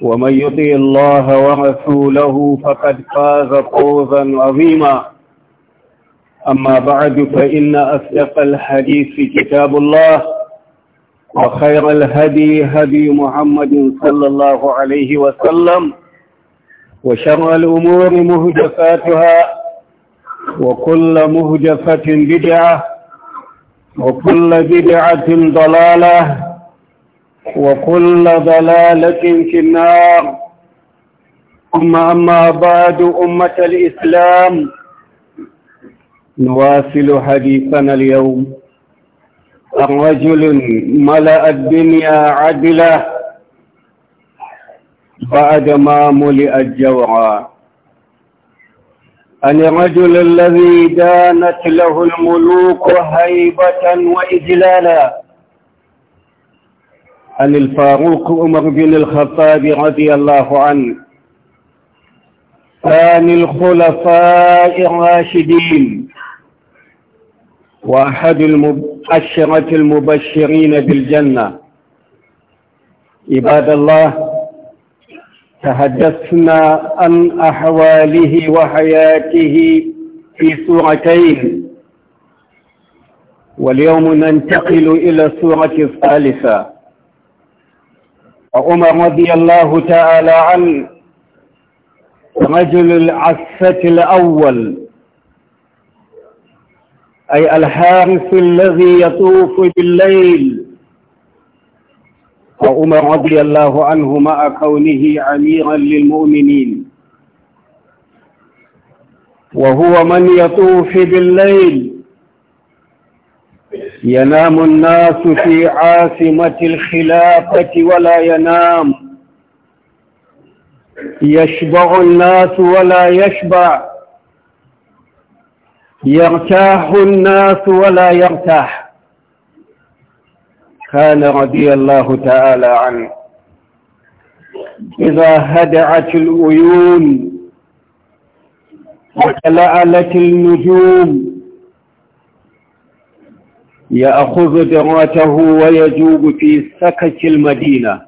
ومن يطع الله ورسوله فقد فاز فوزا عظيما أما بعد فإن أصدق الحديث كتاب الله وخير الهدي هدي محمد صلى الله عليه وسلم وشر الأمور مهجفاتها وكل مهجفه بدعة وكل بدعة ضلالة وكل ضلالة في النار ثم أما بعد أمة الإسلام نواصل حديثنا اليوم رجل ملأ الدنيا عدلة بعدما ملئت الجوعى عن الرجل الذي دانت له الملوك هيبة وإجلالا عن الفاروق عمر بن الخطاب رضي الله عنه عن الخلفاء الراشدين وأحد المبشرة المبشرين بالجنة عباد الله تحدثنا عن أحواله وحياته في سورتين واليوم ننتقل إلى السورة الثالثة وعمر رضي الله تعالى عنه رجل العفة الأول أي الحارس الذي يطوف بالليل وعمر رضي الله عنه مع كونه أميرا للمؤمنين وهو من يطوف بالليل ينام الناس في عاصمة الخلافة ولا ينام يشبع الناس ولا يشبع يرتاح الناس ولا يرتاح كان رضي الله تعالى عنه إذا هدعت العيون وتلألت النجوم يأخذ دراته ويجوب في سكك المدينة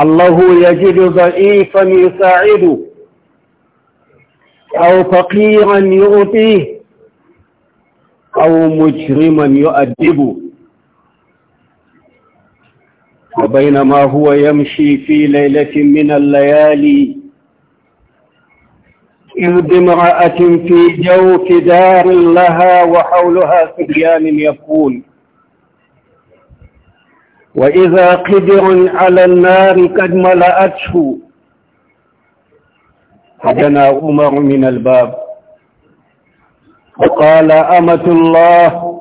الله يجد ضعيفا يساعده أو فقيرا يؤتيه أو مجرما يؤدبه وبينما هو يمشي في ليلة من الليالي إذ امرأة في جوف دار لها وحولها سبيان يكون وإذا قدر على النار قد ملأته فدنا عمر من الباب وقال أمة الله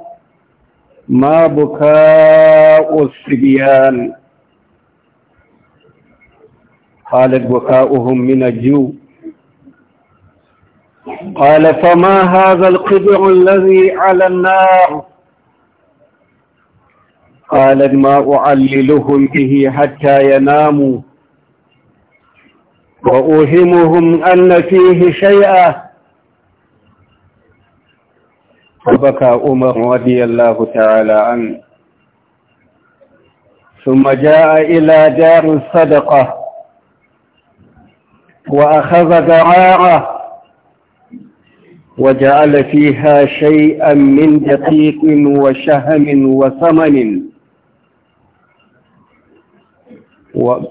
ما بكاء الصبيان قالت بكاؤهم من الجو قال فما هذا القدر الذي على النار قال ما أعللهم به حتى يناموا وأوهمهم أن فيه شيئا فبكى عمر رضي الله تعالى عنه ثم جاء إلى دار الصدقة وأخذ ذراعه وجعل فيها شيئا من دقيق وشهم وثمن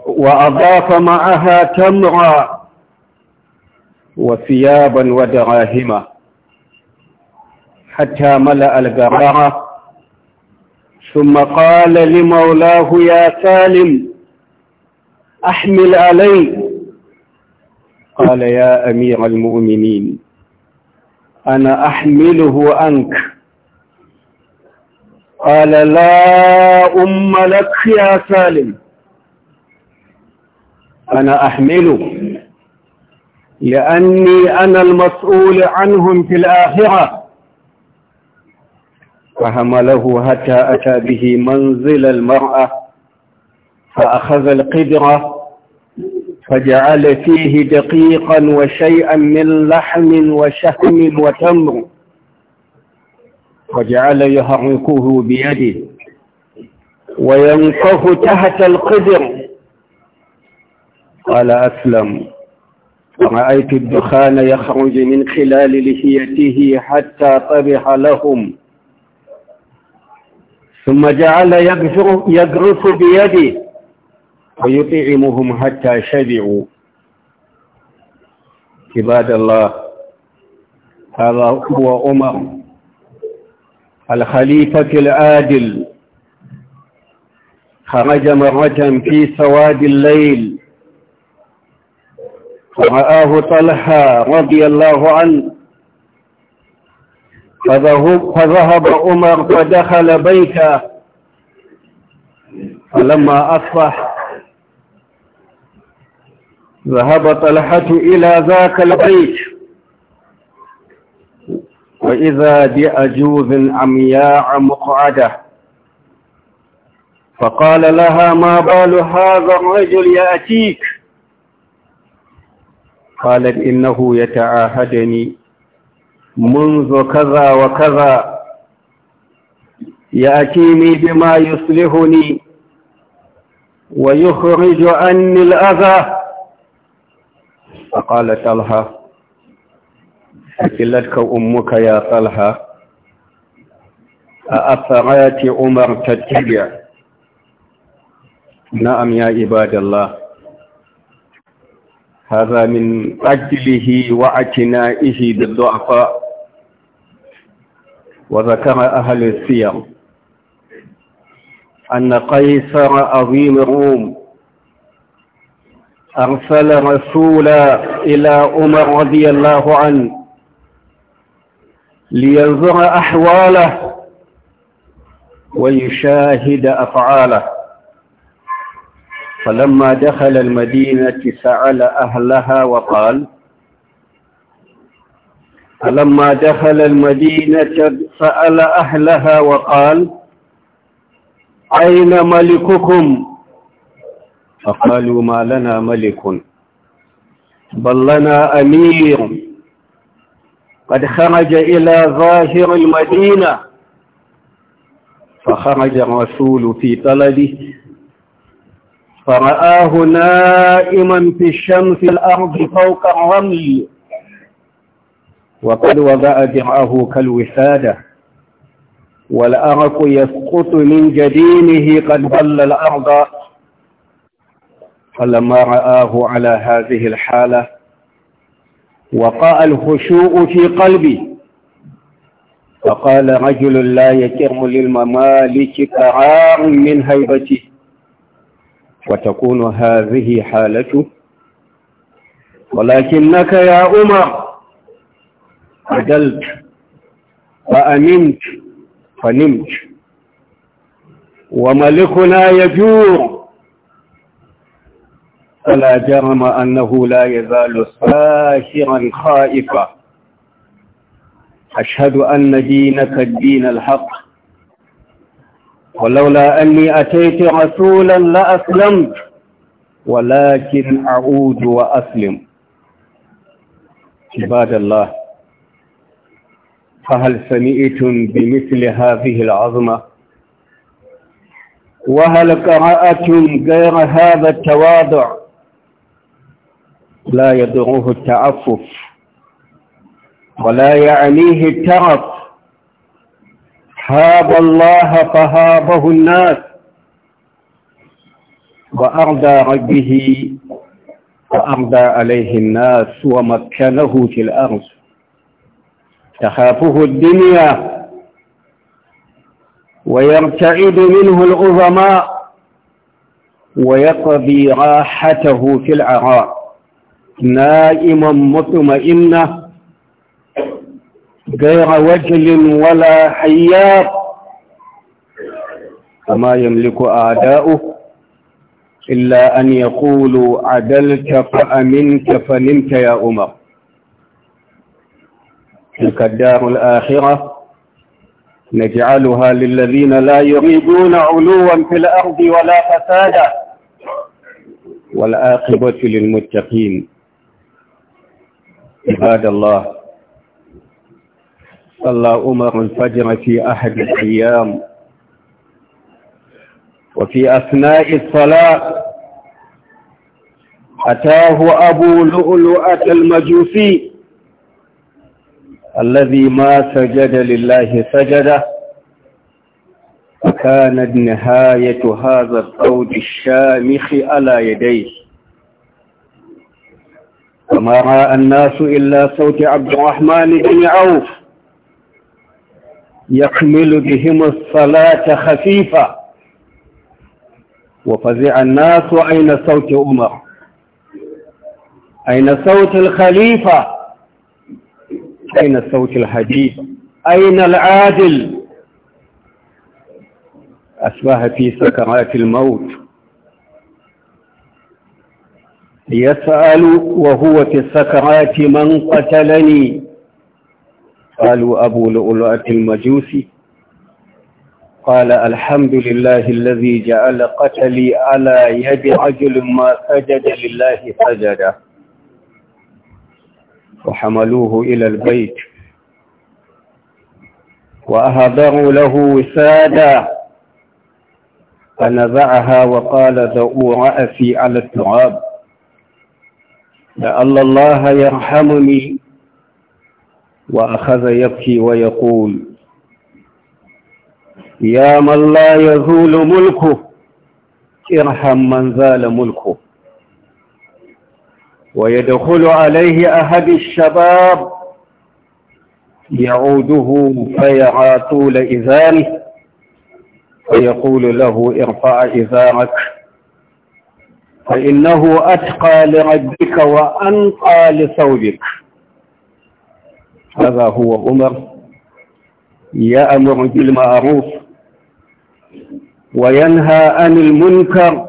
وأضاف معها تمرا وثيابا ودراهما حتى ملأ القرارة ثم قال لمولاه يا سالم أحمل علي قال يا أمير المؤمنين أنا أحمله عنك قال لا أم لك يا سالم أنا أحمله لأني أنا المسؤول عنهم في الآخرة فحمله حتى أتى به منزل المرأة فأخذ القدرة فجعل فيه دقيقا وشيئا من لحم وشهم وتمر وجعل يهرقه بيده وينقه تحت القدر قال أسلم رأيت الدخان يخرج من خلال لحيته حتى طبح لهم ثم جعل يقرف بيده ويطعمهم حتى شبعوا عباد الله هذا هو عمر الخليفة العادل خرج مرة في سواد الليل فرآه طلحة رضي الله عنه فذهب عمر فدخل بيته فلما أصبح ذهب طلحة إلى ذاك البيت وإذا بأجوز عمياء مقعدة فقال لها ما بال هذا الرجل يأتيك قالت إنه يتعاهدني منذ كذا وكذا يأتيني بما يصلحني ويخرج عني الأذى فقال طلحة أكلتك أمك يا طلحة أأفعات عمر تتبع نعم يا عباد الله هذا من أجله واعتنائه بالضعفاء وذكر أهل السير أن قيصر عظيم الروم أرسل رسولا إلى عمر رضي الله عنه لينظر أحواله ويشاهد أفعاله فلما دخل المدينة سأل أهلها وقال فلما دخل المدينة سأل أهلها وقال أين ملككم؟ فقالوا ما لنا ملك بل لنا أمير قد خرج إلى ظاهر المدينة فخرج الرسول في طلبه فرآه نائما في الشمس الأرض فوق الرمل وقد وضع درعه كالوسادة والأرق يسقط من جدينه قد بل الأرض فلما رآه على هذه الحالة وقع الخشوع في قلبي فقال رجل لا يكرم للممالك قرار من هيبته وتكون هذه حالته ولكنك يا عمر عدلت فأمنت فنمت وملكنا يجور فلا جرم أنه لا يزال ساخرا خائفا أشهد أن دينك الدين الحق ولولا أني أتيت رسولا لأسلمت ولكن أعود وأسلم عباد الله فهل سمعتم بمثل هذه العظمة وهل قرأتم غير هذا التواضع لا يضره التعفف ولا يعنيه الترف هاب الله فهابه الناس وأرضى ربه وأرضى عليه الناس ومكنه في الأرض تخافه الدنيا ويرتعد منه العظماء ويقضي راحته في العراء نائما مطمئنة غير وجل ولا حياب وما يملك أعداؤه إلا أن يقولوا عدلت فأمنت فنمت يا أمر تلك الدار الآخرة نجعلها للذين لا يريدون علوا في الأرض ولا فسادا والآخرة للمتقين عباد الله صلى عمر الفجر في أحد الأيام وفي أثناء الصلاة أتاه أبو لؤلؤة المجوسي الذي ما سجد لله سجده فكانت نهاية هذا الصوت الشامخ على يديه وما رأى الناس إلا صوت عبد الرحمن بن عوف يحمل بهم الصلاة خفيفا وفزع الناس أين صوت عمر أين صوت الخليفة أين صوت الحديث أين العادل أصبح في سكرات الموت يسأل وهو في السكرات من قتلني قالوا أبو لؤلؤة المجوسي قال الحمد لله الذي جعل قتلي على يد رجل ما سجد لله سجدا وحملوه إلى البيت وأهضروا له وسادا فنزعها وقال ذؤوا رأسي على التراب لعل الله يرحمني وأخذ يبكي ويقول يا من لا يزول ملكه ارحم من زال ملكه ويدخل عليه أحد الشباب يعوده فيرى طول إذاره ويقول له ارفع إذانك فإنه أتقى لربك وأنقى لثوبك هذا هو عمر يأمر بالمعروف وينهى عن المنكر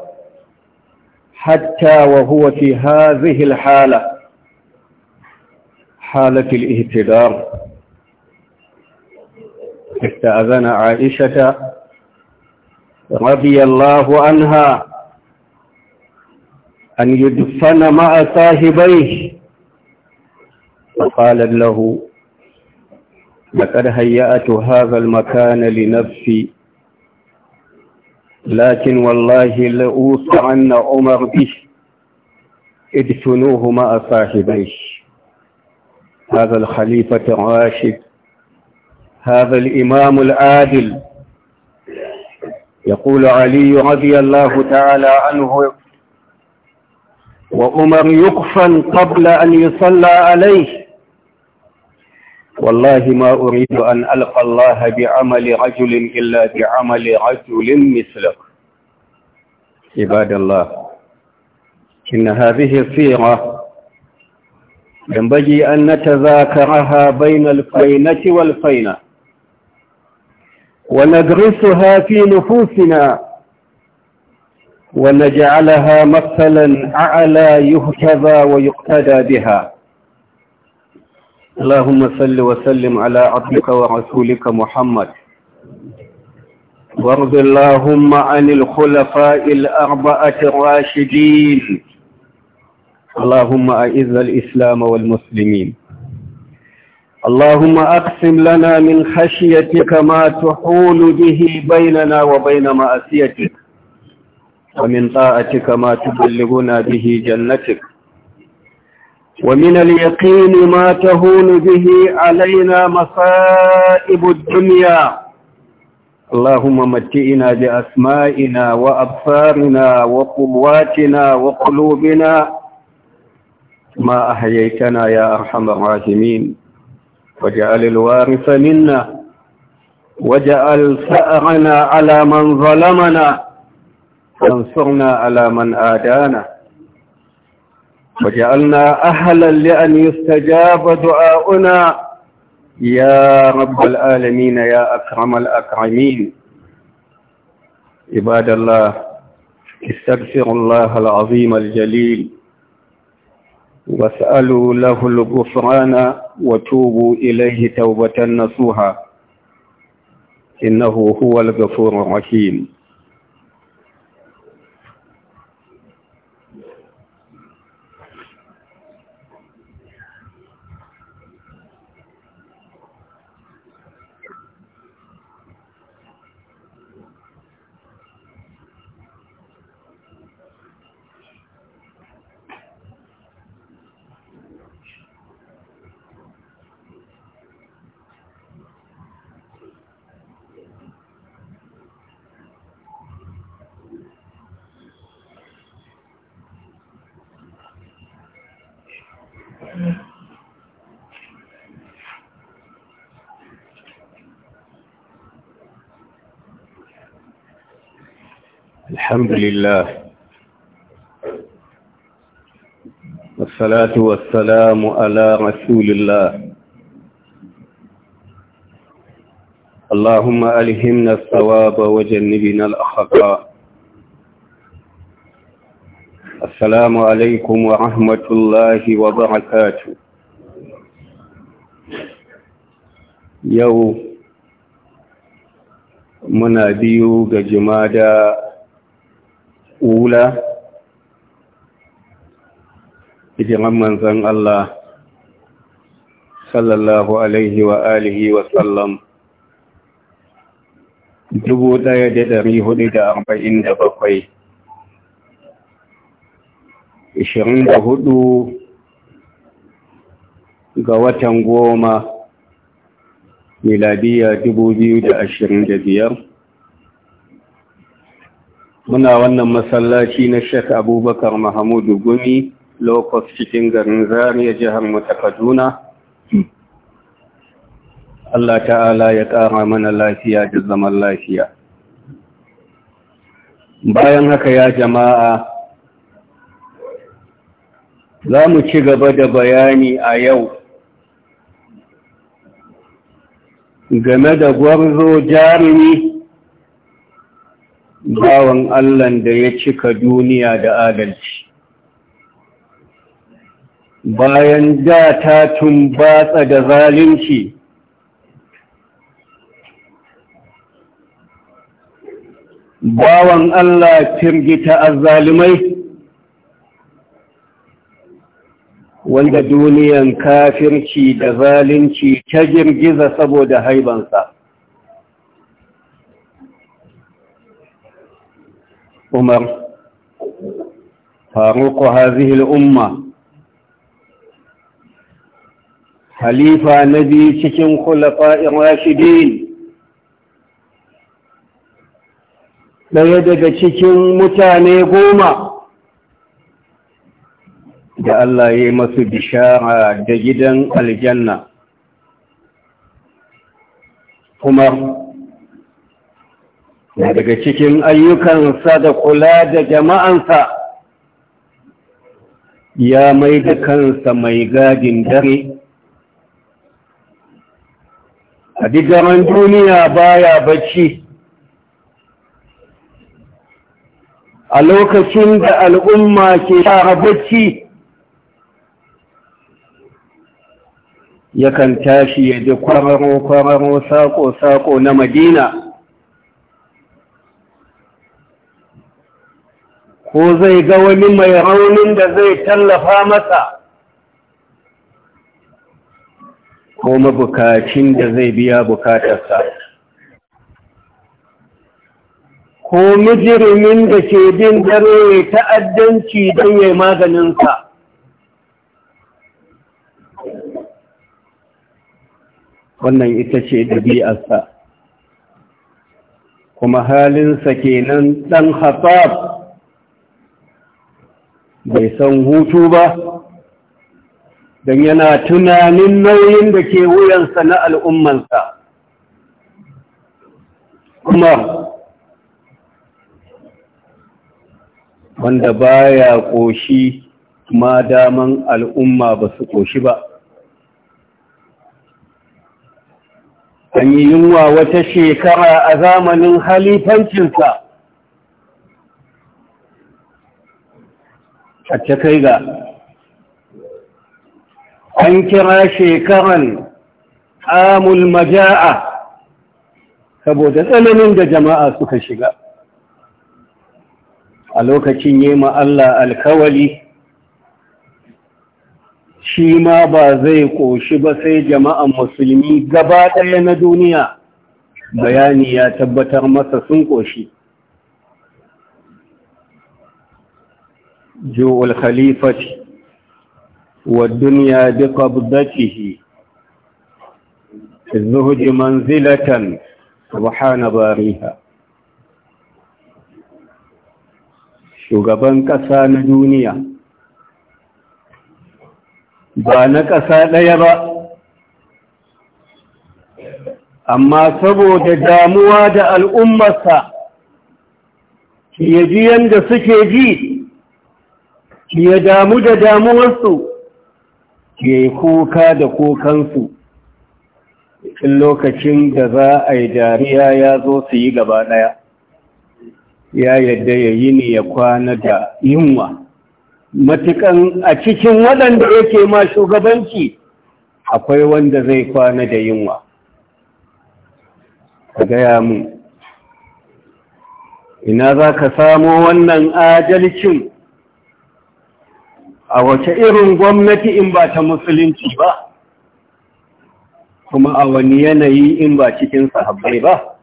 حتى وهو في هذه الحالة حالة الاهتدار استأذن عائشة رضي الله عنها أن يدفن مع صاحبيه فقالت له لقد هيأت هذا المكان لنفسي لكن والله أن عمر به ادفنوه مع صاحبيه هذا الخليفة الراشد هذا الإمام العادل يقول علي رضي الله تعالى عنه وعمر يكفن قبل أن يصلى عليه والله ما أريد أن ألقى الله بعمل رجل إلا بعمل رجل مثلك عباد الله إن هذه السيرة ينبغي أن نتذاكرها بين الفينة والفينة وندرسها في نفوسنا ونجعلها مثلا أعلى يهتدى ويقتدى بها اللهم صل وسلم على عبدك ورسولك محمد وارض اللهم عن الخلفاء الأربعة الراشدين اللهم أعز الإسلام والمسلمين اللهم أقسم لنا من خشيتك ما تحول به بيننا وبين معصيتك ومن طاعتك ما تبلغنا به جنتك ومن اليقين ما تهون به علينا مصائب الدنيا اللهم متئنا بأسمائنا وأبصارنا وقواتنا وقلوبنا ما أحييتنا يا أرحم الراحمين واجعل الوارث منا واجعل ثأرنا على من ظلمنا وانصرنا على من آدانا وجعلنا أهلا لأن يستجاب دعاؤنا يا رب العالمين يا أكرم الأكرمين عباد الله استغفر الله العظيم الجليل واسألوا له الغفران وتوبوا إليه توبة نصوحا إنه هو الغفور الرحيم الحمد لله والصلاة والسلام على رسول الله اللهم ألهمنا الثواب وجنبنا الأخطاء السلام عليكم ورحمة الله وبركاته يوم muna biyu ga jimada rasula hijiran manzan Allah sallallahu alaihi wa wa sallam dubu ɗaya da ɗari hudu da arba'in da bakwai ishirin da hudu ga watan goma miladiya dubu biyu da ashirin da biyar muna wannan masallaci na Sheikh Abubakar Mahamudu Gumi lokos cikin garin Zaria jihar Mata Kaduna Allah ta'ala ya ƙara mana lafiya da zaman lafiya bayan haka ya jama'a za mu ci gaba da bayani a yau game da gwarzo jarumi bawan Allah da ya cika duniya da adalci. Bayan da ta tumbatsa da zalunci, bawan Allah firgita azzalumai wanda duniyan kafirci da zalunci ta girgiza saboda haibansa. عمر فاروق هذه الأمة خليفة نبي تكن خلقاء راشدين لا يدد تكن متاني قومة جاء الله يمس بشارة جيدا الجنة عمر na daga cikin ayyukansa da kula da jama'ansa ya mai da kansa mai gadin dare a digaman duniya baya bacci a lokacin da al'umma ke tara bacci yakan tashi ya ji kwararo-kwararo sako-sako na madina ko zai ga wani mai raunin da zai tallafa masa ko mabukacin da zai biya bukatarsa ko mijirimin da ke bin dare ta'addanci don ya maganinsa wannan ita ce ɗabi'arsa kuma halinsa kenan ɗan hatsar bai san hutu ba don yana tunanin nauyin da ke wuyansa na al'ummansa kuma wanda ba ya ƙoshi ma daman al'umma ba su ƙoshi ba an yi yunwa wata shekara a zamanin halifancinsa a ta kai ga an kira shekaran amul maja'a saboda tsananin da jama'a suka shiga a lokacin yi Allah alkawali shi ma ba zai ƙoshi ba sai jama'an musulmi gaba ɗaya na duniya bayani ya tabbatar masa sun ƙoshi جوء الخليفة والدنيا بقبضته الزهد منزلة سبحان باريها shugaban ƙasa na duniya ba na ƙasa ɗaya ba amma saboda damuwa da al'ummarsa ke ji yadda suke ji ya damu da damuwarsu ya yi kuka da kukansu. in lokacin da za a yi dariya ya zo su yi gaba ɗaya ya yadda ya yi ne ya kwana da yunwa matukan a cikin waɗanda yake ma shugabanci akwai wanda zai kwana da yunwa ka gaya mu ina za ka samo wannan adalcin a wace irin gwamnati in ba ta musulunci ba kuma a wani yanayi in ba cikin sahabbai ba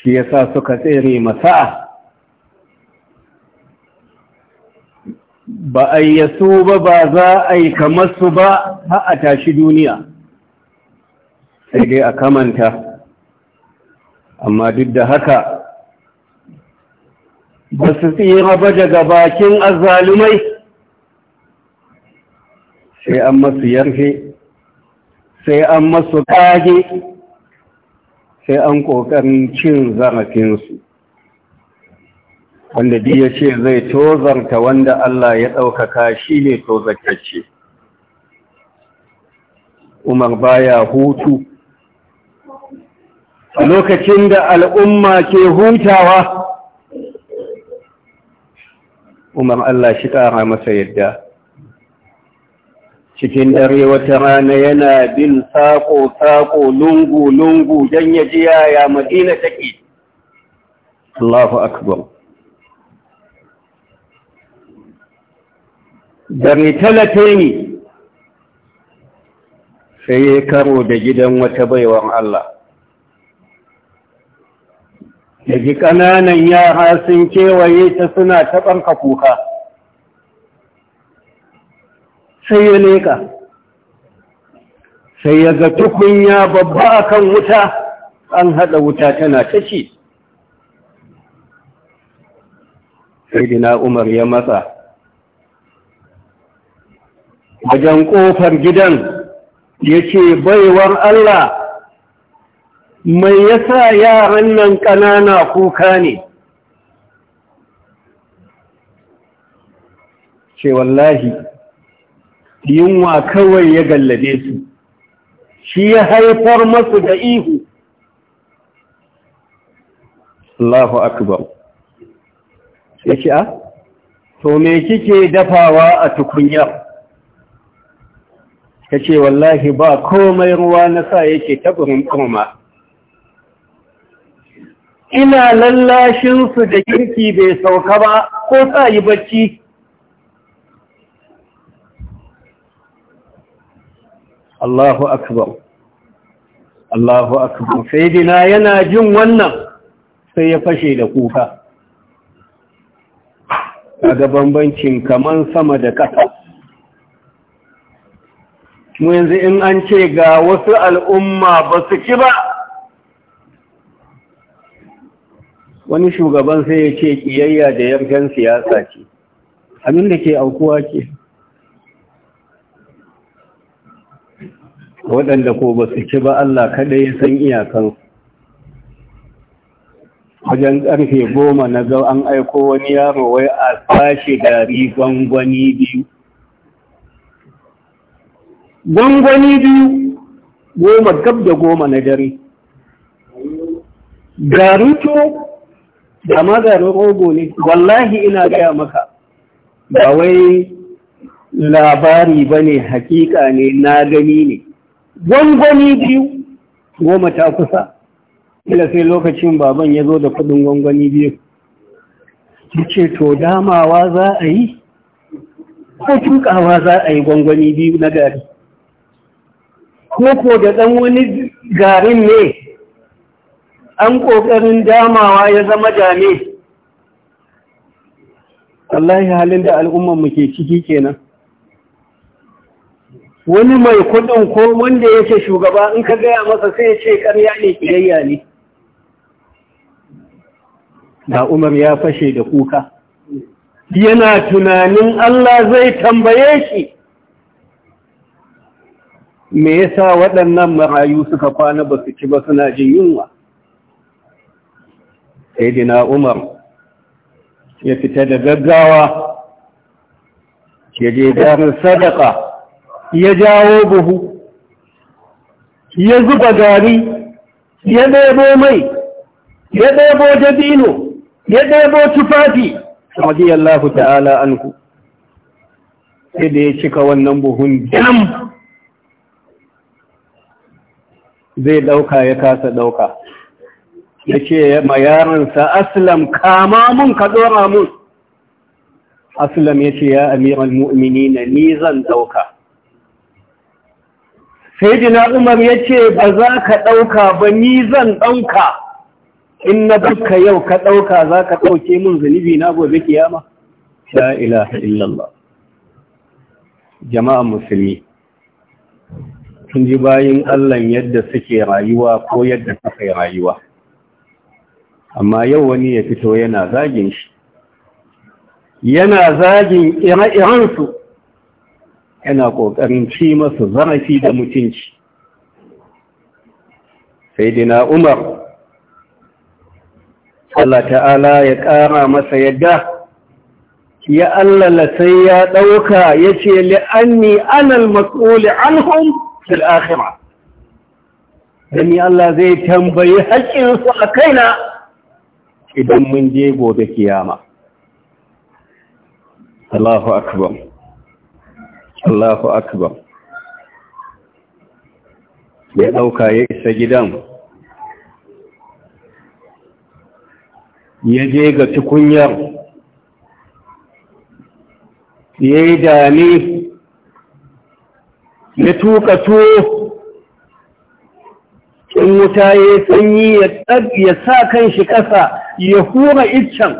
shi ya sa suka tsere masa ba a yaso ba ba za a yi kamar su ba ha'a a tashi duniya sai dai a kamanta amma duk da haka ba su tsira ba daga bakin azalumai? sai an masu yarfe sai an masu kage sai an ƙoƙarin cin zarafinsu wanda biya ce zai tozarta wanda Allah ya ɗaukaka shi ne tozartacce umar baya hutu a lokacin da al'umma ke hutawa umar Allah shi ƙara masa yadda cikin dare wata rana yana bin saƙo-saƙo lungu-lungu don ya ji yaya madina take Allahu akbar dare talate ne sai ya karo da gidan wata baiwar Allah ya ƙananan yara sun kewaye ta suna ka kuka sai ya leƙa sai ya ga tukunya babba akan wuta an haɗa wuta tana ta ce sai umar ya matsa wajen ƙofar gidan ya ce baiwar Allah mai yasa yaran nan ƙanana kuka ne ce wallahi yunwa kawai ya gallabe su shi ya haifar masu da ihu Allahu akbar sai ce a ah, to me kike dafawa a tukunyar ta ce wallahi ba komai ruwa na sa yake taburin kuma ina lallashinsu da kirki bai sauka ba ko sa yi bacci Allahu akbar Allahu akbar dina yana jin wannan sai ya fashe da kuka daga bambancin kaman sama da ƙasa mu yanzu in an ce ga wasu al'umma ba su ci ba wani shugaban sai ya ce kiyayya da yarken siyasa ce abin da ke aukuwa ke waɗanda ko ba su ci ba Allah kaɗai ya san iyakan wajen ƙarfe goma na zau an aiko wani yaro wai a sashi gari gwangwani biyu gwangwani biyu goma gab da goma na dare garuto da ma garin rogo ne wallahi ina gaya maka ba wai labari ba ne hakika ne na gani ne gwangwani biyu goma ta kusa ila sai lokacin baban ya zo da kudin gwangwani biyu ya ce to damawa za a yi ko tukawa za a yi gwangwani biyu na gari ko ko da ɗan wani garin ne an ƙoƙarin damawa ya zama dame Allahi halin da al'ummanmu ke ciki kenan wani mai kudin ko wanda yake shugaba in ka gaya masa sai ya ce karya ne kiyayya ne da umar ya fashe da kuka yana tunanin Allah zai tambaye shi me yasa waɗannan marayu suka kwana ba su ci ba suna jin yunwa saidina umar ya fita da gaggawa ya je darin sadaka ya jawo buhu ya zuba gari ya ɗebo mai ya ɗebo dabino ya ɗebo tufafi radiyallahu ta'ala sai da ya cika wannan buhun dam zai ɗauka ya kasa ɗauka ya ce ma yaransa aslam kama mun ka dora mun aslam ya ce ya amiral mu'mini na ni zan ɗauka sai jina umar ya ce ba za ka ɗauka ba ni zan ɗauka in na duka yau ka ɗauka za ka ɗauke mun zunubi na gobe kiyama la ilaha illallah jama'an musulmi sun ji bayin allah yadda suke rayuwa ko yadda suka rayuwa amma yau wani ya fito yana zagin shi yana zagin ire-irensu yana ƙoƙarin ci masu zarafi da mutunci sai dina umar Allah ta'ala ya ƙara masa yadda ya allala sai ya ɗauka ya ce li'anni anal matsoli anhum fil akhira dani Allah zai tambayi haƙƙinsu a kaina idan mun je gobe kiyama Allahu akbar Allahu akbar ya ɗauka ya isa gidan ya je ga tukunyar ya yi dami ya tuka tuwo in wuta ya sanyi ya sa kan shi ƙasa ya hura iccen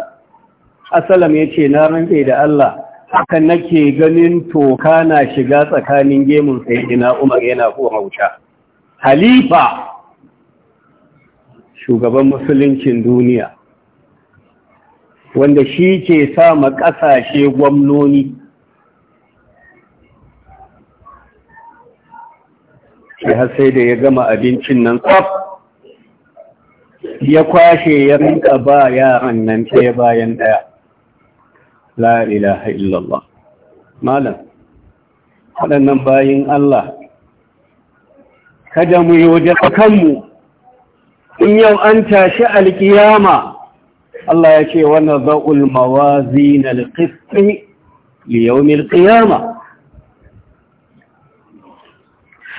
asalam ya ce na rantse da Allah haka nake ganin toka na shiga tsakanin gemun ina umar yana ko wuta halifa shugaban musuluncin duniya wanda shi ke sa ma ƙasashe gwamnoni sai har sai da ya gama abincin nan tsaf ya kwashe ya rinka ba yaran nan ɗaya bayan ɗaya la ilaha illallah malam waɗannan bayin Allah kada mu yi waje kanmu in yau an tashi alkiyama Allah ya ce wani za'ul mawazi na alƙisti liyaumin alkiyama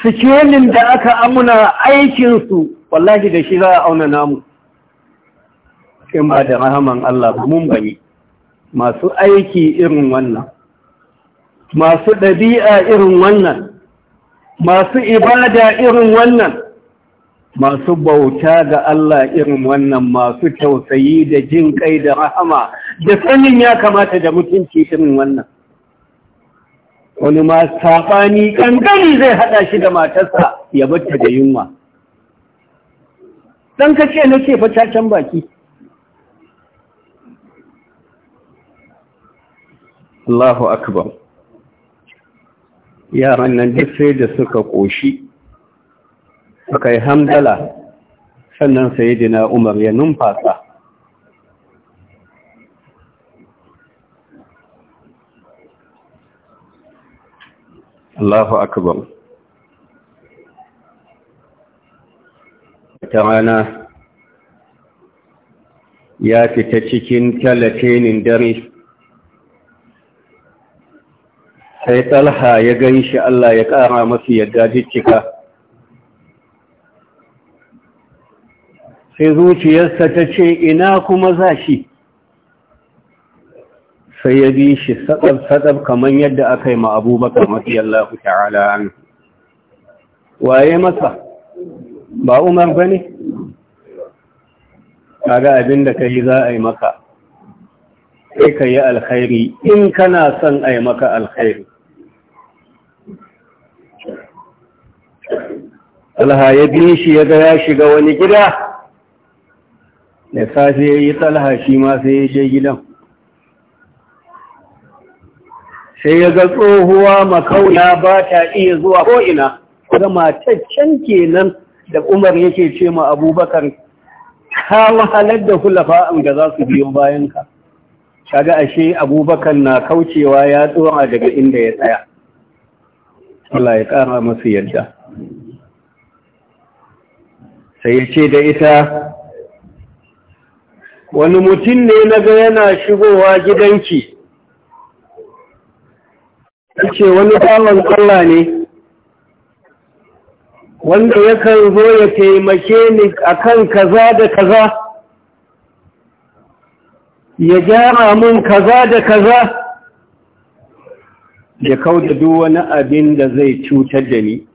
sikelin da aka amuna aikinsu wallahi da shi za a auna namu in ba da rahaman Allah mun bane masu aiki irin wannan masu ɗabi'a irin wannan masu ibada irin wannan masu bauta ga Allah irin wannan masu tausayi da jin kai da rahama da sanin ya kamata da mutunci irin wannan wani ma saɓani ƙanƙani zai haɗa shi da matarsa ya bata da yunwa ɗan kake na ce baki Allahu akbar yaran nan duk sai da suka ƙoshi suka yi hamdala sannan sai umar ya numfasa Allahu akbar ta rana ya fita cikin talatenin dare sai Tsalha ya gan shi Allah ya ƙara masu yadda jicika sai zuciyarsa ta ce ina kuma za shi sai ya bi shi sadab-sadab kamar yadda aka yi ma abubakar Allah ta'ala an waye masa ba umar ba ne kaga abin da ka za a yi maka sai ka yi alkhairi in kana son a yi maka alkhairi talha ya bi shi ya ga ya shiga wani gida da safe ya yi talha shi ma sai ya je gidan sai ya ga tsohuwa makauna ba ta iya zuwa ko'ina kuma mataccen kenan da umar yake ce ma abubakar ta mahalar da hulafa, da za su biyo bayanka shaga ashe abubakar na kaucewa ya tsoha daga inda ya tsaya Allah ya ƙara masu yadda sai ya ce da ita wani mutum ne na ga yana shigowa gidanki ce wani falon Allah ne wanda yakan zo ya taimake ni akan kaza da kaza ya gyara mun kaza da kaza ya kauda duk wani abin da zai cutar da ni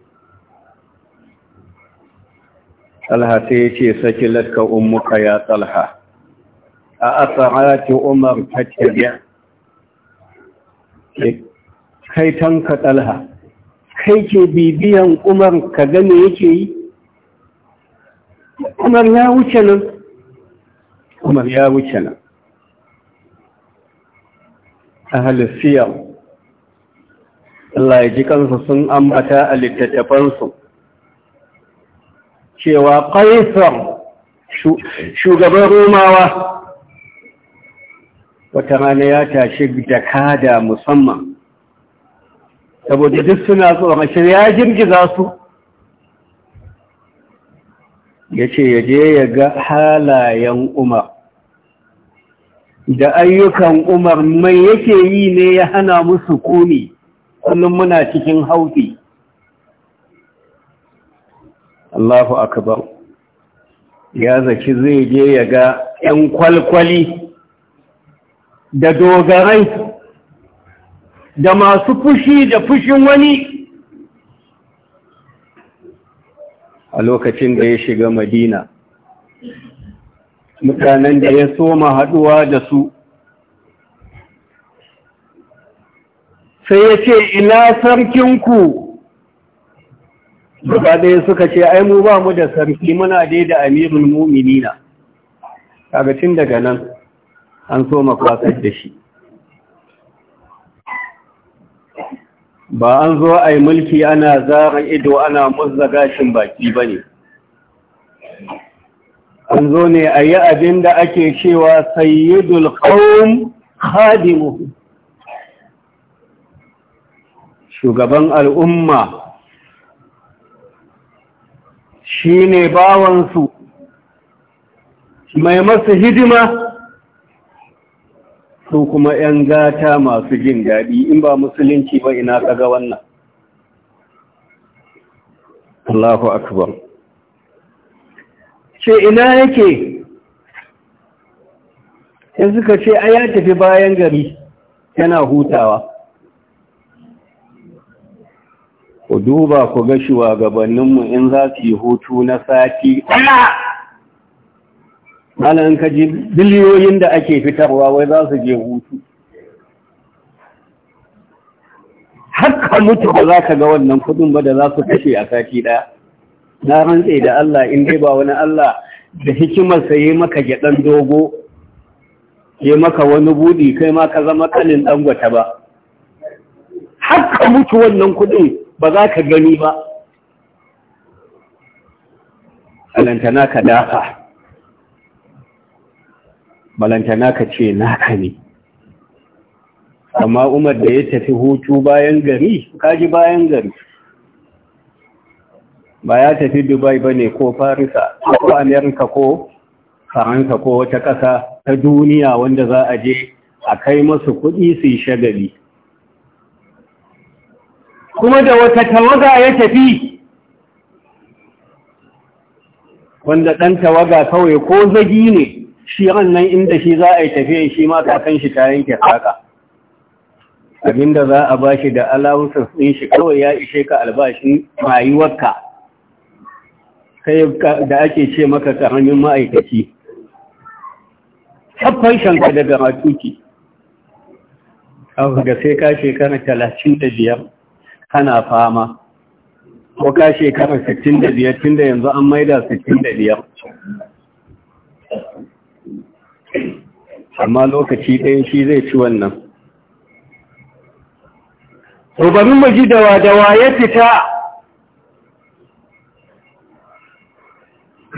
talha sai ya ce saki latka umuka ya talha a asarati umar tattabiya kai tanka ɗalha kai ke bibiyan umar ka gane yake yi umar ya wuce nan umar ya wuce nan a halisiyar, Allah ya ji kansu sun ambata a littattafansu cewa ƙaisar shugaban romawa wata rana ya tashi da musamman saboda duk suna tsoron ya girgiza su ya ce ya je ya ga halayen umar da ayyukan umar mai yake yi ne ya hana musu kuni kullum muna cikin haufi Allahu akbar ya zaki zai je ya ga ‘yan kwalkwali da dogarai da masu fushi da fushin wani a lokacin da ya shiga madina mutanen da ya soma haɗuwa da su sai ya ce ina sarkinku Ba ɗaya suka ce ai mu ba mu da sarki muna dai da amirul mu'minina a gacin daga nan an so kwasar da shi ba an zo a yi mulki ana zara ido ana muzza gashin baki ba ne an zo ne a yi abin da ake cewa sayyidul ƙaun khadimu shugaban al'umma shi ne bawansu mai masu hidima su kuma 'yan gata masu jin daɗi in ba musulunci ba ina kaga wannan Allahu akbar ce ina yake in suka ce a ya tafi bayan gari yana hutawa ku duba ku ga shugabanninmu in za su yi hutu na sati malan ka biliyoyin da ake fitarwa wai za su je hutu haka mutu ba za ka ga wannan kudin ba da za su kashe a sati ɗaya na rantse da Allah in dai ba wani Allah da hikimar sa yi maka gyaɗan dogo yi maka wani buɗi kai ma ka zama kanin gwata ba haka mutu wannan kudin ba za ka gani ba alantana ka dafa balantana ka ce naka ne amma umar da ya tafi hutu bayan gari kaji bayan gari ba ya tafi dubai ba ne ko farisa ko amerika ko faransa ko wata ƙasa ta duniya wanda za a je a kai masu kuɗi su yi shagali kuma da wata tawaga ya tafi wanda ɗan tawaga kawai ko zagi ne shi nan inda shi za a yi tafiyan shi ma kakan shi ta yanke saka abinda za a ba shi da alawusar ɗin shi kawai ya ishe ka albashin rayuwarka sai da ake ce maka ƙaramin ma'aikaci kafin shanka daga matuki ga sai ka shekara talatin da biyar kana fama ko ka shekara sittin da biyar tun da yanzu an maida sittin da biyar amma lokaci ɗaya shi zai ci wannan rubanin maji mu ji dawa dawa ya fita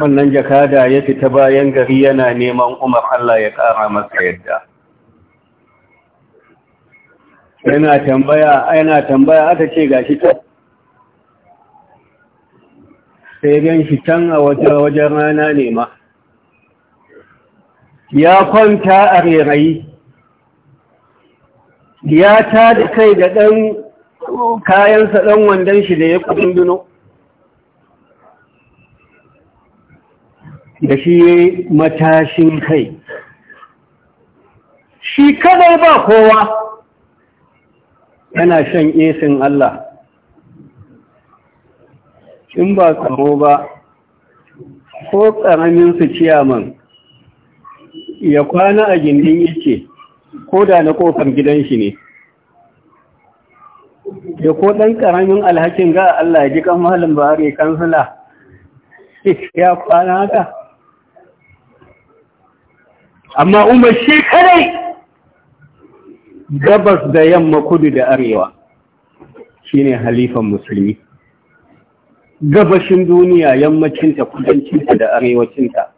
wannan jakada ya fita bayan gari yana neman umar Allah ya ƙara masa yadda yana tambaya yana tambaya aka ce gashi ta sai gan shi can a wajen rana nema. ya kwanta a rerayi ya ta da kai da ɗan kayansa ɗan wandon shi da ya kudin duno da shi matashin kai shi kadai ba kowa yana shan esin Allah in ba tsaro ba ko ƙaramin su ciyaman ya kwana a gindin yake ko da na kofar gidan shi ne da ko ɗan ƙaramin alhakin ga Allah ya ji kan mahalin kansila ya kwana haka amma umar shi kadai gabas da yamma kudu da arewa shine halifan musulmi gabashin duniya yammacinta kudancinta da arewacinta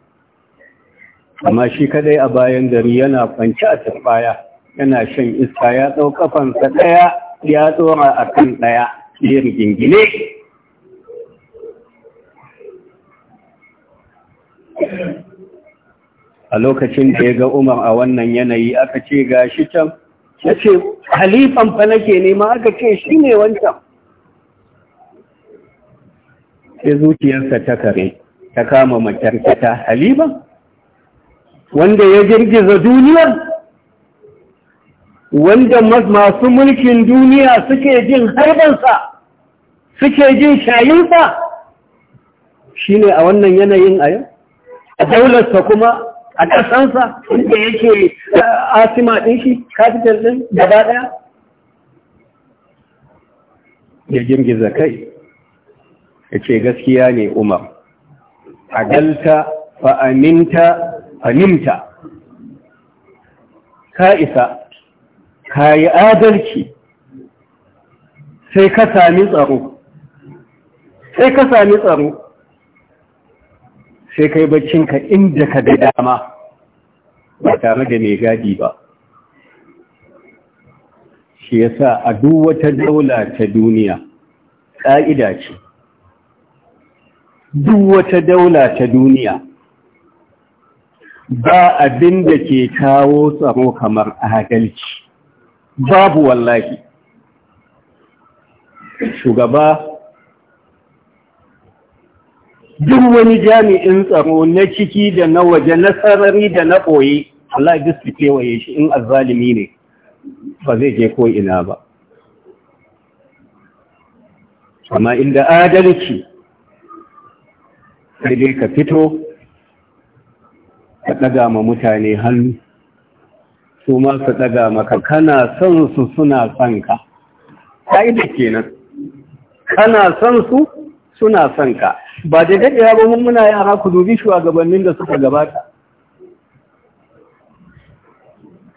amma shi kadai a bayan gari yana kwanci a tafaya yana shan iska ya tsau kafansa ɗaya ya tsora a kan ɗaya ya rigingine a lokacin da ya ga umar a wannan yanayi aka ce ga shi can ya ce halifan fa nake nema aka ce shi ne wancan sai zuciyarsa ta kare ta kama matarsa ta halifan wanda ya girgiza duniyar wanda masu mulkin duniya suke jin harbansa suke jin shayinsa shi ne a wannan yanayin a yau a daularsa kuma a ƙasansa inda yake asima ɗin shi kafitar ɗin gaba ɗaya ya girgiza kai ya ce gaskiya ne umar adalta fa'aminta fanimta ka isa ka yi adalci sai ka sami tsaro sai ka sami tsaro sai ka yi baccinka inda ka da dama ba tare da mai gadi ba shi yasa a duwata daula ta duniya ƙa'ida ce duk wata daula ta duniya ba abin da ke kawo tsaro kamar adalci babu wallahi shugaba duk wani jami'in tsaro na ciki da na waje na sarari da na ɓoye Allah su kewaye shi in azzalimi ne ba zai je ko ina ba amma inda adalci sai dai ka fito ka ɗaga ma mutane hannu su ma su ɗaga maka kana son su suna son ka ƙa'ida kenan kana son su suna son ka ba da daɗe ba mun muna yara ku dubi shugabannin da suka gabata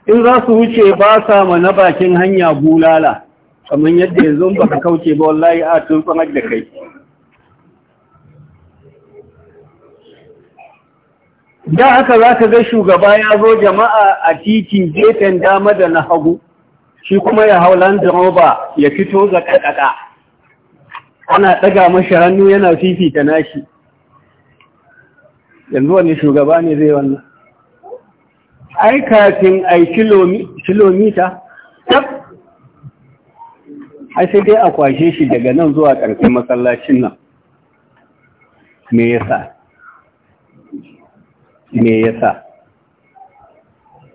in za su wuce ba sa ma na bakin hanya bulala kamar yadda yanzu ba ka kauce ba wallahi a tun tsanar da kai da haka za ka ga shugaba ya zo jama'a a titi gefen dama da na hagu shi kuma ya hau land rover ya fito kakaka ana ɗaga mashi hannu yana fifita nashi yanzu wani shugaba ne zai wannan ai kafin ai kilomita tab ai sai dai a kwashe shi daga nan zuwa ƙarfin masallacin nan me yasa me yasa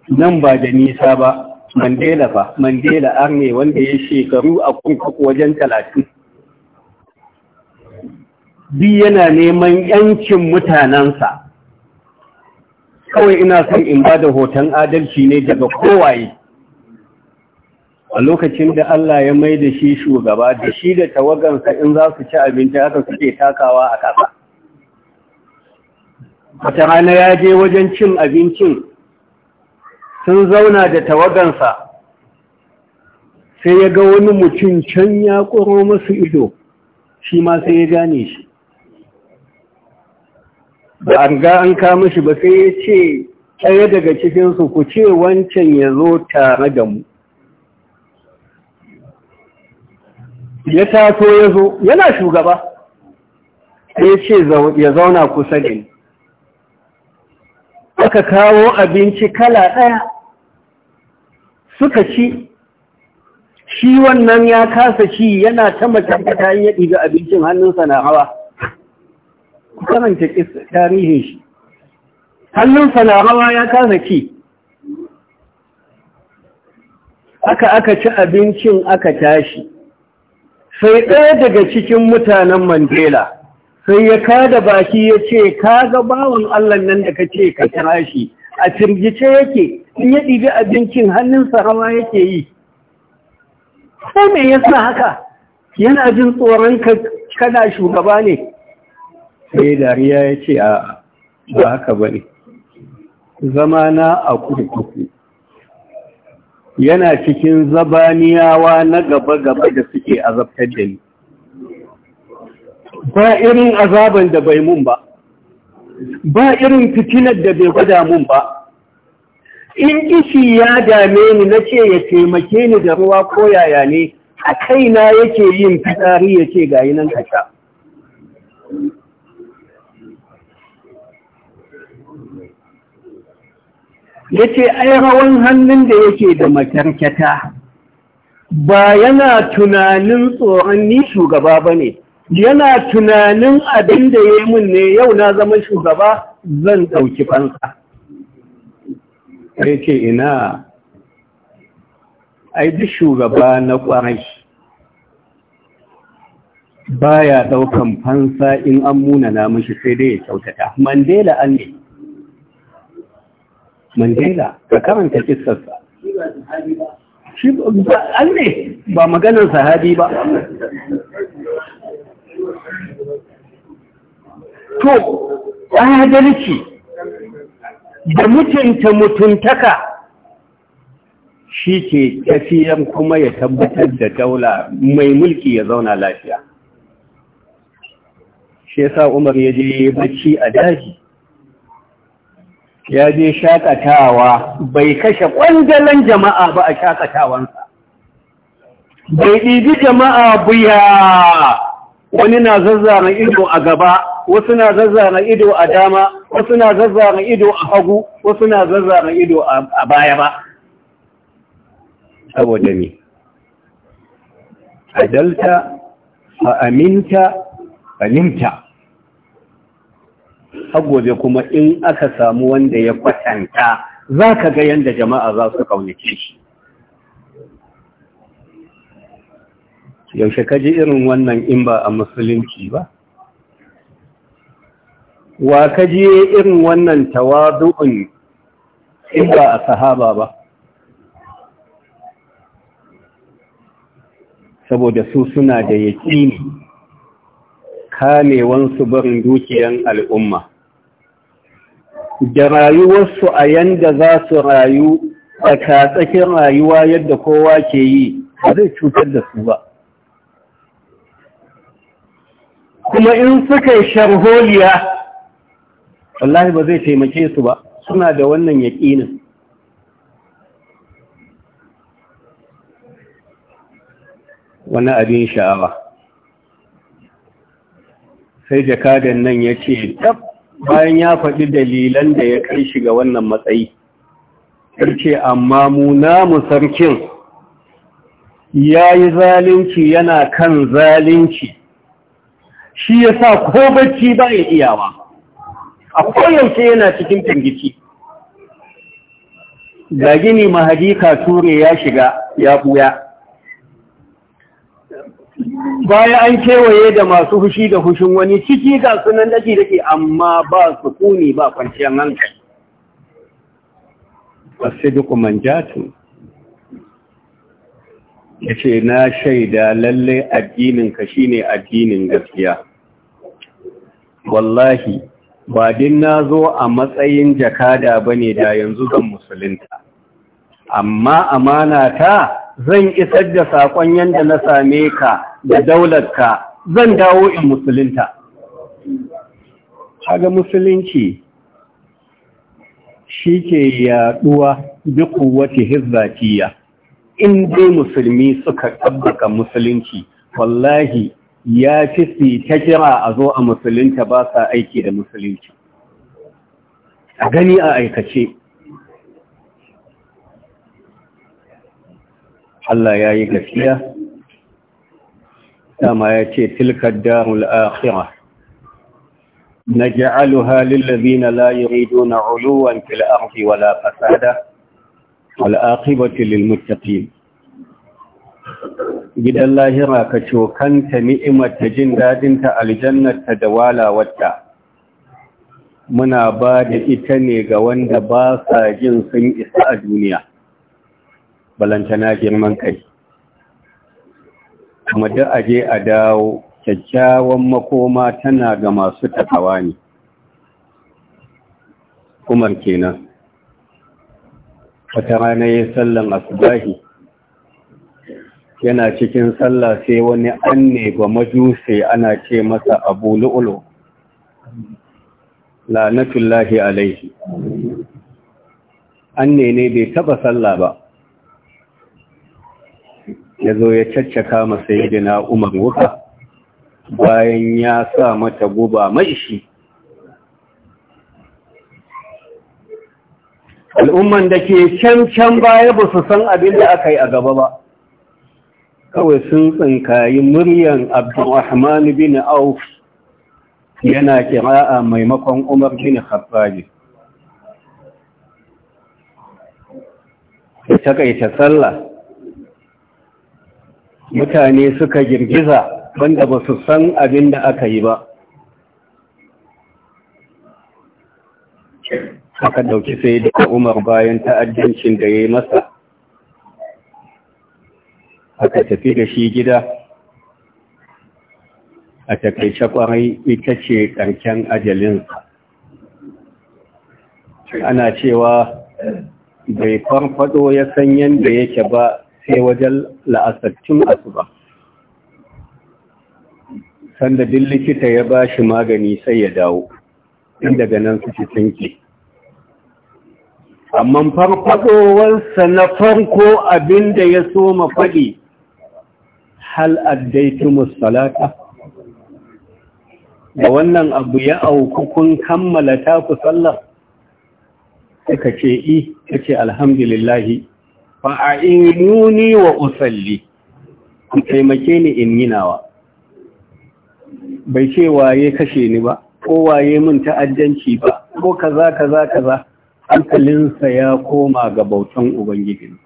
nan ba da nisa ba mandela ba mandela arne wanda ya shekaru a kurkuku wajen talatin bi yana neman yankin mutanensa kawai ina son in ba da hoton adalci ne daga kowaye a lokacin da Allah ya mai da shi shugaba da shi da tawagansa in za su ci abinci haka suke takawa a kasa wata rana ya je wajen cin abincin sun zauna da tawagansa sai ya ga wani mutum can ya ƙoro masu ido shi ma sai ya gane shi Ba an ga an kama shi ba sai ya ce ɗaya daga cikinsu ku ce wancan ya zo tare da mu ya taso ya zo yana shugaba sai ce ya zauna kusa da ni aka kawo abinci kala ɗaya suka ci shi wannan ya kasa ci yana ta yi ya da abincin hannunsa na hawa ku karanta tarihin shi hannunsa na hawa ya kasa ci aka aka ci abincin aka tashi sai ɗaya daga cikin mutanen mandela sai ya kada baki ya ce ka ga bawan Allah nan da ka ce ka kira shi a firgice yake in ya ɗibi abincin hannunsa hawa yake yi ko me yasa haka yana jin tsoron ka kana shugaba ne sai dariya ya ce a ba haka ba ne zama na a kurkuku yana cikin zabaniyawa na gaba-gaba da suke azabtar da ni ba irin azaban da bai mun ba ba irin fitinar da bai gwada mun ba in ishi ya dame ni na ce ya taimake ni da ruwa ko yaya ne a kaina yake yin fitsari ya ce ga nan kasha ya ce ai rawan hannun da yake da matarkata ba yana tunanin tsoron ni shugaba ba ne yana tunanin abin da ya yi mun ne yau na zama shugaba zan ɗauki fansa ya ce ina ai duk shugaba na ƙwarai ba ya ɗaukan fansa in an muna mashi sai dai ya kyautata mandela an ne mandela ka karanta kistarsa shi an ne ba maganar sahabi ba to adalci da mutunta mutuntaka shi ke tafiyan kuma ya tabbatar da daula mai mulki ya zauna lafiya shi sa umar ya je bacci a daji ya je shakatawa bai kashe ƙwangalan jama'a ba a shakatawansa bai ɗibi jama'a buya wani na zazzara ido a gaba wasu na zazzara ido a dama wasu na zazzara ido a hagu wasu na zazzara ido a baya ba saboda ne adalta fa'aminta falimta hagobe kuma in aka samu wanda ya kwatanta za ka ga yadda jama'a za su kaunace shi yaushe ka ji irin wannan in ba a musulunci ba wa kaji irin wannan tawadu'un in ba a sahaba ba saboda su suna da yaƙini kamewansu barin dukiyan al'umma da rayuwarsu a yanda za su rayu a tsakin rayuwa yadda kowa ke yi ba zai cutar da su ba kuma in suka yi sharholiya wallahi ba zai taimake su ba suna da wannan yaƙinin wani abin sha'awa sai jakadan nan ya ce bayan ya faɗi dalilan da ya kai shi ga wannan matsayi ce amma muna musarkin ya yi zalunci yana kan zalunci shi ya sa ko bacci ba ya iyawa a koyaushe yana cikin tangici ga gini mahadi ture ya shiga ya buya baya an kewaye da masu hushi da hushin wani ciki ga sunan daki dake amma ba su kuni ba kwanciyar hankali wasu duk manjatu ya ce na shaida lalle addininka shine addinin gaskiya wallahi ba din na zo a matsayin jakada ba ne da yanzu zan musulunta amma amana ta zan isar da saƙon yadda na same ka da daularka zan dawo in musulunta haga musulunci shi ke yaɗuwa duk wata hizzatiya in dai musulmi suka tabbaka musulunci wallahi ya ci fi ta kira a zo a musulunta ba sa aiki da musulunci a gani a aikace Allah ya yi gafiya dama yace ce tilkar darul akira na ja'alu halin labina na dona uluwan fil'arfi wala fasada al'akibatu lilmuttafi gidan lahira ka cokanta ni'imar ta jin dadinta aljannarta da walawarta muna ba da ita ne ga wanda ba sa jin sun isa a duniya na girman kai kuma duk aje a dawo kyakkyawan makoma tana ga masu takawa ne umar kenan wata rana ya sallan asubahi yana cikin sallah sai wani anne ba majuse ana ce masa abu lu'ulu lanatullahi alaihi anne ne ne bai taba sallah ba ya zo ya caccaka masa yadda umar wuka bayan ya sa mata guba mai shi al'umman da ke can baya ba su san abin da aka yi a gaba ba kawai sun tsinkayi muryan abdurrahman bin auf yana kira a maimakon umar bin khabbaji ya takaita sallah mutane suka girgiza wanda ba su san abin da aka yi ba aka ɗauki sai da umar bayan ta'addancin da ya yi masa aka tafi da shi gida a takaice kwarai ita ce ƙarshen ajalinsa ana cewa bai farfado ya san yadda yake ba sai wajen la'asattun asuba sanda bin likita ya ba shi magani sai ya dawo in daga nan su cinke amma farfadowarsa na farko abinda ya so mafaɗi hal addaitu musallata? da wannan abu ya auku kun kammala ta ku sallah suka ce i kace alhamdulillah fa a'inuni wa usalli ku taimake ni in yi nawa bai ce waye kashe ni ba ko waye mun ta'addanci ba ko kaza kaza kaza hankalinsa ya koma ga bautan ubangiji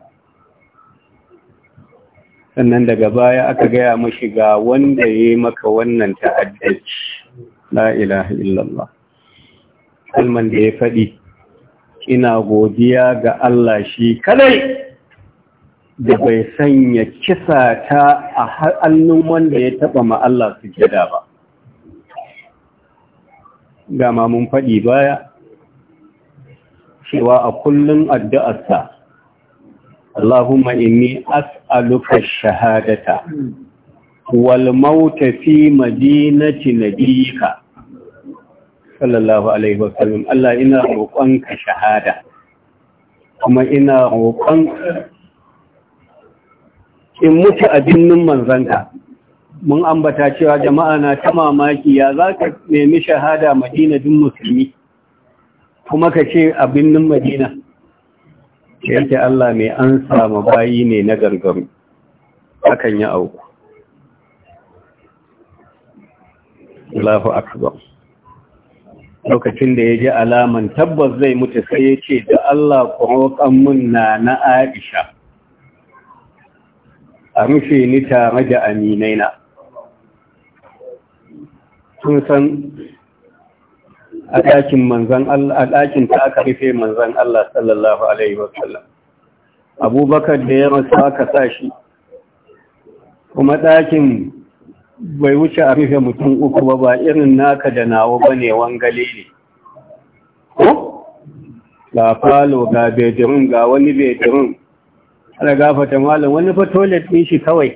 sannan daga baya aka gaya mashi ga wanda ya yi maka wannan ta'addaci la ilaha illallah kalman da ya faɗi ina godiya ga Allah shi kadai da bai sanya kisa ta a hannun wanda ya taɓa ma Allah su jada ba ga mun faɗi baya cewa a kullum addu'arsa اللهم إني أسألك الشهادة والموت في مدينة نبيك صلى الله عليه وسلم الله إنا روقنك شهادة كما إنا روقنك in mutu a binnin manzanka mun ambata cewa jama'a na ta mamaki ya za ka nemi shahada madina musulmi kuma ka ce a binnin madina yake Allah mai an samu bayi ne na gargaru hakan ya auku Allahu akbar lokacin da ya ji alaman tabbas zai mutu sai ya ce da Allah roƙan mun na na Aisha a rufe ni tare da aminaina sun san a ɗakin manzan Allah a ɗakin ta aka rufe manzan Allah sallallahu alaihi wasallam abubakar da ya rasu aka sa shi kuma ɗakin bai wuce a rufe mutum uku ba ba irin naka da nawa ba ne wangale ne ga falo ga bedroom ga wani bedroom ala gafata malam wani fa toilet ɗin shi kawai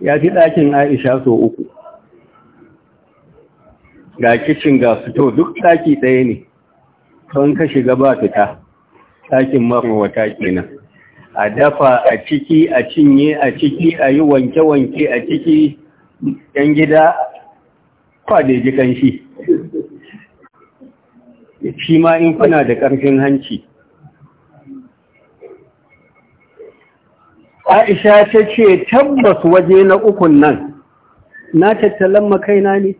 ya fi ɗakin aisha so uku ga kicin ga fito duk taki ɗaya ne don ka shiga ba fita ɗakin marowata kenan a dafa a ciki a cinye a ciki a yi wanke-wanke a ciki yan gida kwadeji kanshi shi ma in kuna da ƙarfin hanci aisha ta ce tabbas waje na ukun nan na tattalin makaina ne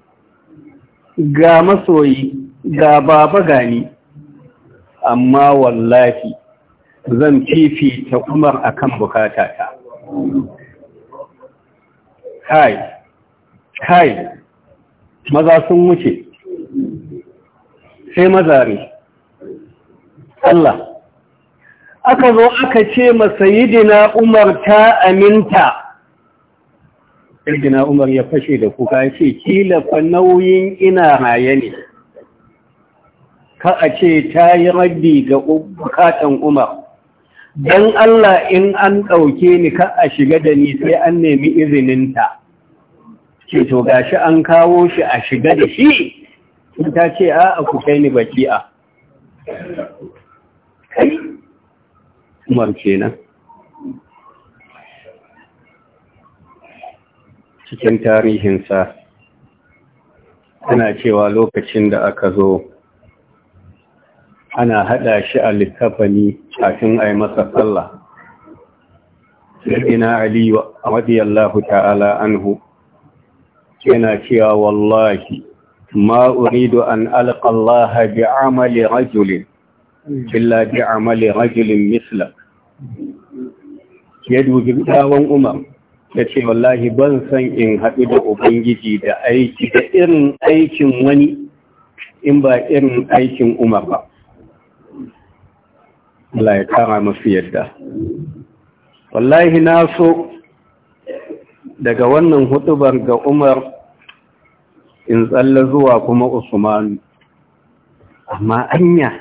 ga masoyi ga baba gani amma wallafi zan ta umar a akan bukatata kai kai maza sun wuce sai mazari Allah aka zo aka ce masayidina umar ta aminta sayyidina Umar ya fashe da kuka ya ce kila fa nauyin ina haya ne ka a ce ta yi rabbi ga bukatan Umar Don Allah in an ɗauke ni ka a shiga da ni sai an nemi izininta ce to gashi an kawo shi a shiga da shi ta ce a a ku kai ni a. kai umar kenan cikin tarihinsa ana cewa lokacin da aka zo ana haɗa shi a littafani kafin a yi masa sallah ina aliyu radiyallahu ta'ala anhu yana cewa wallahi ma uridu an alqallaha bi amali rajulin illa bi amali rajulin misla ya dubi gawan umar da ce wallahi ban san in haɗu da ubangiji da aiki da irin aikin wani in ba irin aikin umar ba Allah ya kama mafi yadda wallahi na so daga wannan hutubar ga umar in tsalla zuwa kuma usmanu amma anya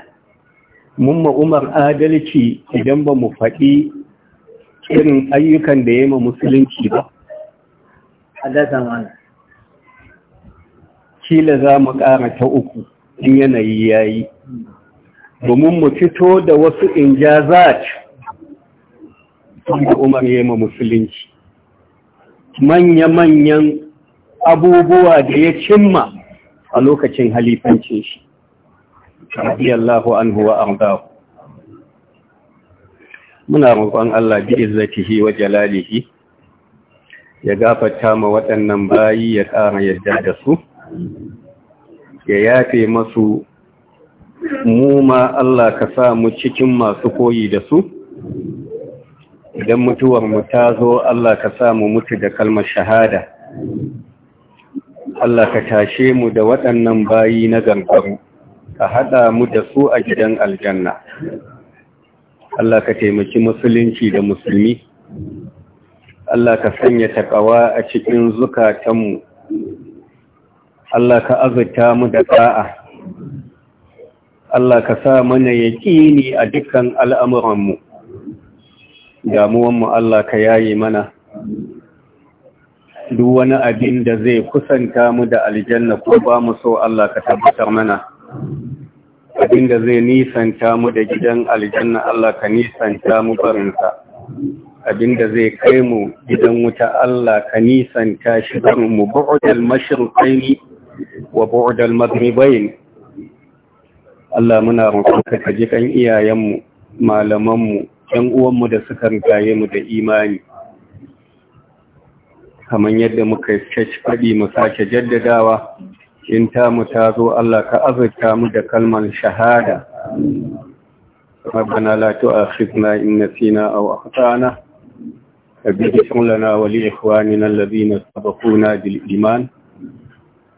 mun ma umar adalci idan ba mu faɗi irin ayyukan da ya yi ma musulunci ba haddasa mana kila za mu ƙara ta uku in yanayi ya yi domin mu fito da wasu injazat wanda umar ya yi ma musulunci manya-manyan abubuwa da ya cimma a lokacin halifancin shi radiyallahu anhu wa ardahu muna roƙon Allah bi izzatihi wa jalalihi ya gafarta ma waɗannan bayi ya ƙara yadda da su ya yafe masu mu ma Allah ka sa mu cikin masu koyi da su idan mutuwar mu ta zo Allah ka sa mu mutu da kalmar shahada Allah ka tashe mu da waɗannan bayi na gangaru ka haɗa mu da su a gidan aljanna Allah ka taimaki musulunci da musulmi Allah ka sanya takawa a cikin zukatanmu Allah ka azurta mu da ta'a Allah ka sa mana yaƙini a dukkan al'amuranmu damuwanmu Allah ka yaye mana duk wani abin da zai kusanta mu da aljanna ko ba mu so Allah ka tabbatar mana abinda zai nisanta mu da gidan aljanna Allah ka nisanta mu barinsa abinda zai kai mu gidan wuta Allah ka nisanta shi barin mu bu'dal mashriqaini wa bu'dal maghribain Allah muna roƙon ka ji kan iyayenmu malamanmu ƴan uwanmu da suka rigaye mu da imani kamar yadda muka yi faɗi mu sake jaddadawa in ta mu ta zo Allah ka azurta mu da kalman shahada rabbana a tu'akhidhna in nasina aw akhtana abi lana wa li ikhwanina alladhina sabaquna bil iman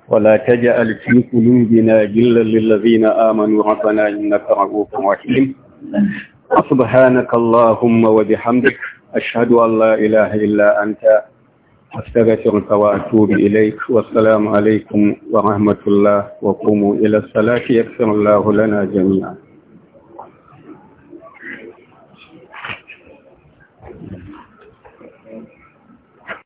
ولا تجعل في قلوبنا غلا للذين امنوا ربنا انك رؤوف رحيم سبحانك اللهم وبحمدك اشهد ان لا اله الا انت أستغفرك وأتوب إليك والسلام عليكم ورحمة الله وقوموا إلى الصلاة يغفر الله لنا جميعا